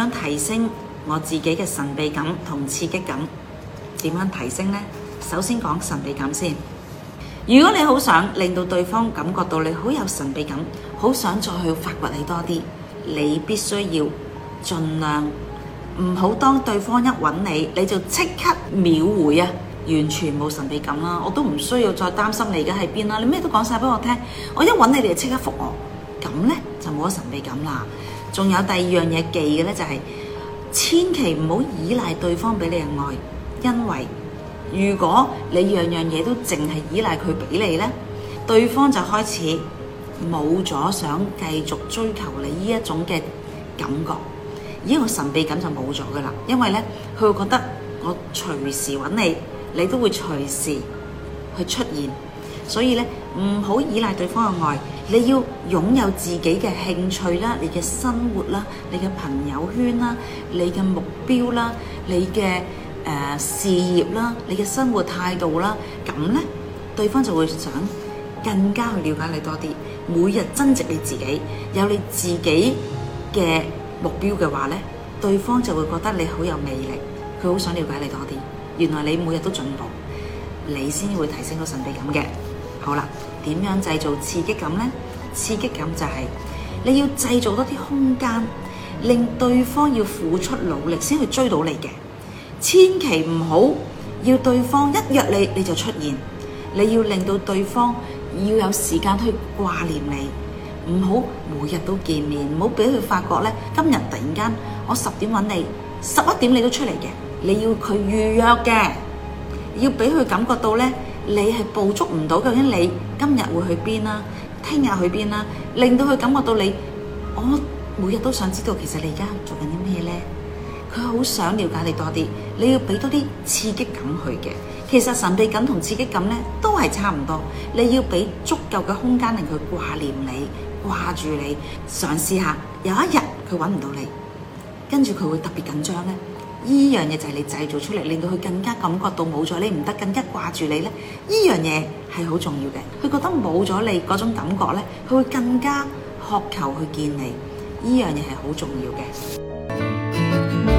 想提升我自己嘅神秘感同刺激感，點樣提升呢？首先講神秘感先。如果你好想令到對方感覺到你好有神秘感，好想再去發掘你多啲，你必須要盡量唔好當對方一揾你，你就即刻秒回啊！完全冇神秘感啦，我都唔需要再擔心你而家喺邊啦，你咩都講晒俾我聽，我一揾你你就即刻復我，咁呢，就冇咗神秘感啦。仲有第二樣嘢記嘅咧，就係千祈唔好依賴對方俾你嘅愛，因為如果你樣樣嘢都淨係依賴佢俾你咧，對方就開始冇咗想繼續追求你呢一種嘅感覺，依個神秘感就冇咗噶啦，因為咧佢會覺得我隨時揾你，你都會隨時去出現，所以咧唔好依賴對方嘅愛。你要擁有自己嘅興趣啦，你嘅生活啦，你嘅朋友圈啦，你嘅目標啦，你嘅誒、呃、事業啦，你嘅生活態度啦，咁咧對方就會想更加去了解你多啲，每日增值你自己，有你自己嘅目標嘅話咧，對方就會覺得你好有魅力，佢好想了解你多啲。原來你每日都進步，你先會提升到神秘感嘅。好啦，點樣製造刺激感呢？刺激感就係你要製造多啲空間，令對方要付出努力先去追到你嘅。千祈唔好要對方一約你你就出現，你要令到對方要有時間去掛念你，唔好每日都見面，唔好俾佢發覺咧。今日突然間我十點揾你，十一點你都出嚟嘅，你要佢預約嘅，要俾佢感覺到咧。你係捕捉唔到究竟你今日會去邊啦，聽日去邊啦，令到佢感覺到你，我每日都想知道其實你而家做緊啲咩呢，佢好想了解你多啲，你要俾多啲刺激感佢嘅，其實神秘感同刺激感呢都係差唔多，你要俾足夠嘅空間令佢掛念你、掛住你，嘗試下有一日佢揾唔到你，跟住佢會特別緊張呢。依樣嘢就係你製造出嚟，令到佢更加感覺到冇咗你唔得，更加掛住你咧。依樣嘢係好重要嘅，佢覺得冇咗你種感覺咧，佢會更加渴求去見你。依樣嘢係好重要嘅。